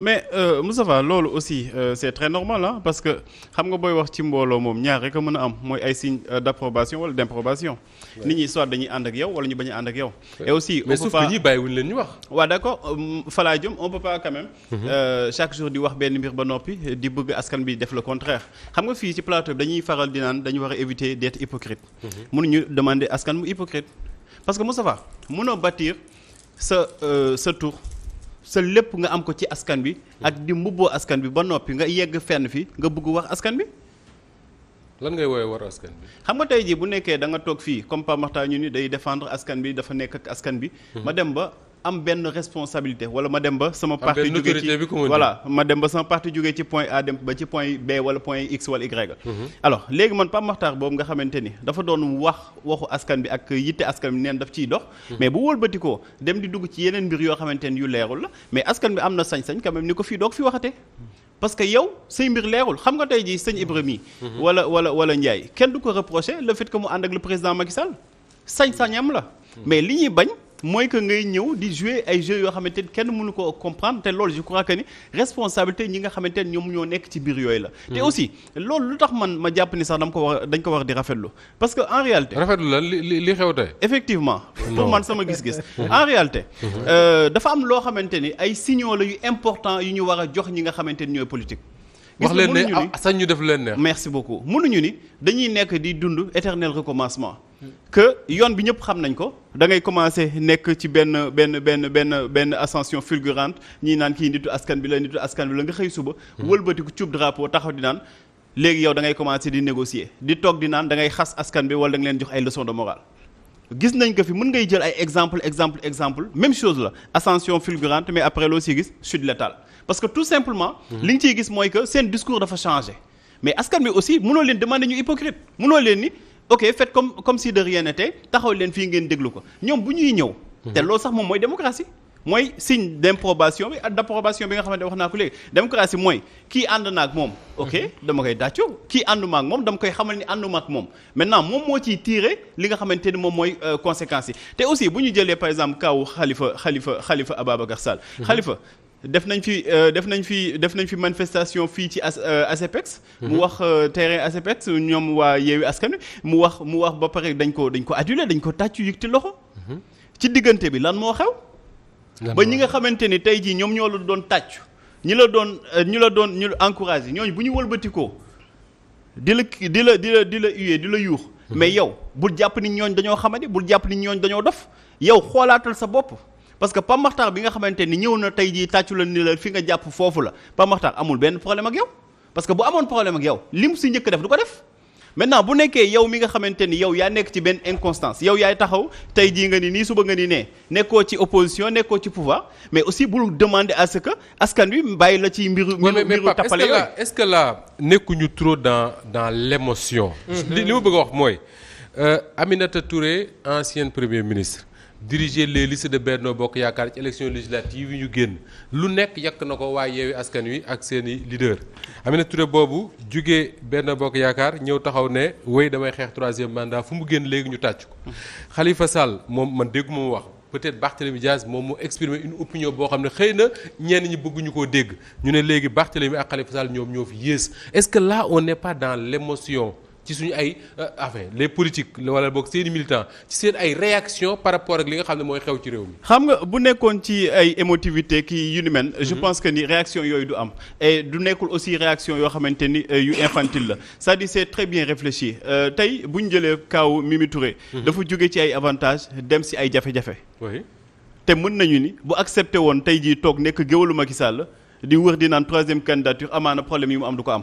mais euh, Moustapha loolu aussi euh, c'est très normal ah parce que xam nga booy wax ci mbooloo moom ñaar rek a mën a am mooy ay signe euh, d'approbation wala d'improbation. nit ñi soit dañuy ànd ak yow wala ñu bañ a ànd ak yow. et aussi mais on peut leen ñu wax. waaw d'accord euh, falaa jëm on peut pas quand même. Mhm. Euh, chaque jour di wax benn mbir ba noppi di bëgg askan bi def la contraire xam nga fii ci plateau bi dañuy faral di naan dañu war a éviter d'être hypocrite. Mhm. ñu demander askan mu hypocrite parce que Moustapha mënoo bâtir sa euh, sa tour. sa lépp nga am ko ci askan bi ak di mbubboo askan bi ba noppi nga yegg fenn fi nga bëgg wax askan bi lan ngay woowee war askan bi xam nga tey jii bu nekkee da nga toog fii comme Pape ñu ni day défendre askan bi dafa nekk ak askan bi hmm. ma dem ba am benn responsabilité wala ma dem ba sama parti jógee ci point A dem ba ci point B wala point X wala Y mhm. alors léegi man Pape Makhtar boobu nga xamante ni dafa doon wax waxu askan bi ak yitte askan bi neen daf ciy dox mhm. mais bu wëlbatikoo dem di dugg ci yeneen mbir yoo xamante ni yu leerul la mais askan bi am na sañ-sañ quand même ni ko fii doog fi waxate parce que yow say mbir leerul xam nga tey jii sëñ Ibrahima yi mhm. wala wala wala Ndiaye kenn du ko reprocher le fait que mu ànd ak le président Macky Sall sañ-sañam la mooy que ngay ñëw di jouer ay jeux yoo xamante ni kenn mënu ko comprendre te loolu je crois que ni responsabilité ñi nga xamante ni ñoom ñoo nekk ci biir yooyu la. te hmm. aussi loolu lu tax man ma jàpp ni sax dam ko war dañ ko war di rafetlu parce que en réalité. rafetlu la li li xew tey. effectivement pour man sama gis-gis. en réalité. Hmm. Euh, dafa am loo xamante ni ay signaux la yu important yu ñu war a jox ñi nga xamante ni ñooy politique. wax leen ne ah, sañ ñu def leen neex. merci beaucoup mënuñu ni dañuy nekk di dund éternel recommencement. que yoon bi ñëpp xam nañ ko dangay ngay commencer nekk ci benn benn benn benn benn ascension fulgurante ñii naan kii nitu askan bi la nitu askan bi la nga xëy suba. Hmm. wëlbatiku cub drapeau taxaw di naan léegi yow da ngay commencer di négocier di toog di naan da ngay xas askan bi wala da leen jox ay leçons de morale. gis nañ ko fi mun ngay jël ay exemple exemple exemple même chose la ascension fulgurante mais après loo siy gis chute létale parce que tout hmm. gis mooy que seen discours dafa changer mais askan bi aussi mënoo leen demander ñu hypocrite mënoo leen ni. ok faites comme comme si de rien taxaw leen fii ngeen déglu ko ñoom bu ñuy ñëw. Hmm. te loolu sax moom mooy démocratie. mooy signe d'improbation bi ak d'approbation bi nga xamante wax naa ko léegi démocratie mooy kii ànd na ak moom. ok hmm. dama koy dàccu kii ànduma ak moom dama koy xamal ni ànduma ak moom maintenant moom moo ciy tiré li nga xamante ni moom mooy euh, conséquences yi te aussi bu ñu jëlee par exemple kaw xalifa xalifa xalifa Ababacar Sall. xalifa hmm. def nañ fi euh, def nañ fi def nañ fi manifestation fii ci euh, ASEPEX mu mhm. wax euh, tere ASEPEX ñoom waa yeewi askan mu wax mu wax ba pare dañ ko dañ ko adulé dañ ko tàccu yëkkati loxo mhm. ci diggante bi lan moo xew ba ñi nga xamante ni tey jii ñoom ñoo la doon tàccu ñi la doon ñu la doon ñu encouragé ñooñ bu ñu walbatikoo di la di la di la di la hué di la yuux mhm. mais yow bul jàpp ni ñooñ dañoo xamante bul jàpp ni ñooñ dañoo dof yow xoolaatal sa bopp parce que Pape Makhtar bi nga xamante ni ñëw na tey jii tàccu la ni la fi nga jàpp foofu la Pape Makhtar amul benn problème ak yow parce que bu amoon problème ak yow lim si njëkk def du ko def maintenant bu nekkee yow mi nga xamante ni yow yaa nekk ci benn inconstance yow yaay taxaw tey jii nga ni nii suba nga ni nee nekkoo ci opposition nekkoo ci pouvoir mais aussi bul demander à que askan wi bàyyi la ci mbiru. mbiru tappale yooyu est ce que là trop dans dans l' émotion. Mm-hmm. li li ma bëgg a wax mooy euh, Aminata Touré ancienne premier ministre. diriger les listes de Benno Bokk Yaakaar ci élection législative yi ñu génn lu nekk yàq na ko waaye yeewi askan wi ak seen i leader na Touré boobu jugee benn Bokk Yaakaar ñëw taxaw ne wéy damay xeex troisième mandat fu mu génn léegi ñu tàcc ko xalifa Sall moom man déggu ma wax peut-être Barthélémy Diaz moom mu exprimer une opinion boo xam ne xëy na ñenn ñi bëgguñu koo dégg ñu ne léegi Barthélémy ak Khalifa Sall ñoom ñoo fi yées est-ce que là on n'est pas dans l'émotion ci suñu ay euh, enfin politique politiques wala boog seeni militants ci seen ay réaction par rapport ak li nga xam ne mooy xew ci réew mi. xam nga bu nekkoon ci ay émotivité kii yu ni mel. je mhm. pense que ni réaction yooyu du am et du nekkul aussi réaction yoo xamante ni euh, yu infantile la c'est-à-dire c'est très bien réfléchi euh, tey bu ñu jëlee kaw Mimi Touré. Mhm. dafa jóge ci ay avantages dem si ay jafe-jafe. te mën nañu ni bu accepte woon tey jii toog nekk géwalu Macky Sall di wër di naan troisième candidature amaana problème yi am du ko am.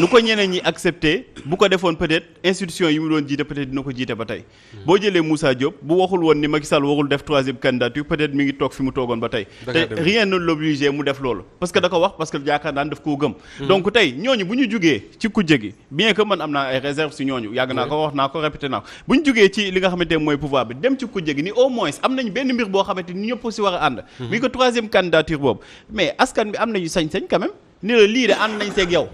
nu ko ñeneen ñi accepté bu ko defoon peut-être institution yi mu doon jiite peut-être dina ko jiite ba tey. boo jëlee Moussa Diop bu waxul woon ni Macky Sall warul def troisième candidature peut-être mi ngi toog fi mu toogoon ba tey. te rien ne l'obligé mu def loolu. parce que da ko wax parce que yaakaar naan daf koo gëm. Mm-hmm. donc tey ñooñu bu ñu jugee ci kujje gi bien que man am naa ay réserve si ñooñu. yàgg naa ko wax naa ko répété naa ko bu ñu jugee ci li nga xamante ne mooy pouvoir bi dem ci kujje gi ni au moins am nañ benn mbir boo xamante ni ñëpp si war a mm-hmm. sañ-sañ quand ni la lii de ànd nañ seeg yow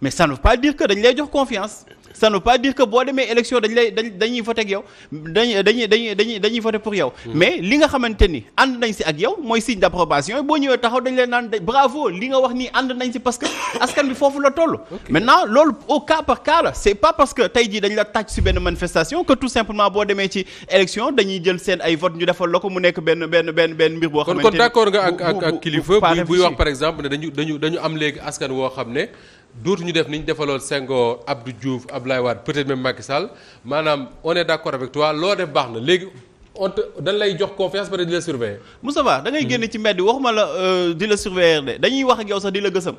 mais ça ne pas dire que dañ lay jox confiance ça ne veut pas dire que boo demee élection dañ dañ dañuy voté ak yow dañ dañuy dañuy dañuy dañuy voté pour yow hmm. mais li nga xamante ni ànd nañ si ak yow mooy signe d'approbation boo ñëwee taxaw dañ leen naan bravo li nga wax nii ànd nañ si parce que askan bi foofu la toll maintenant loolu au cas par cas c'est pas parce que tey jii dañ la tàcc si benn manifestation que tout simplement boo demee ci élection dañuy jël seen ay vote ñu defal la ko mu nekk benn benn benn benn mbir boo xamante ni kon d'accord nga ak ak kilifa dañu am léegi askan woo xam ne dootuñu def ni ñu defaloon Senghor Abdou Diouf Abdoulaye Wade peut-être même Macky Sall maanaam on est d'accord avec toi loo def baax na léegi on dañ lay jox confiance ba di la surveiller. Moustapha da ngay génn ci mbedd waxuma la euh, di la surveiller de dañuy wax ak yow sax di la gësam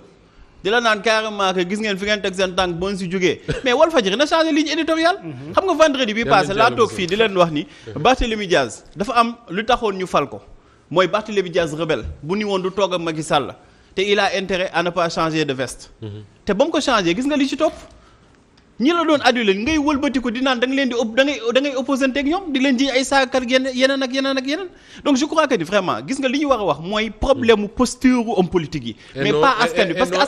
di la naan carrément gis ngeen fi ngeen teg seen tànk bon si jógee mais Walfadjri na changé ligne éditoriale. Mhm. xam nga vendredi bi passé laa toog fii di leen wax ni. Barthélémy Diaz dafa am lu taxoon ñu fal ko mooy Barthélémy Diaz rebelle bu ni woon du toog ak Macky Sall. te il a intérêt à pas changer de veste. Mm-hmm. te ba mu ko changé gis nga li ci topp. ñi la doon adulé ngay wëlbatiku di naan da nga leen di da ngay da ngay opposante ak ñoom di leen ji ay saakar yeneen ak yeneen donc je crois que ni vraiment gis nga li ñu war a wax mooy problème mu posture politique yi. mais pas askan wi parce que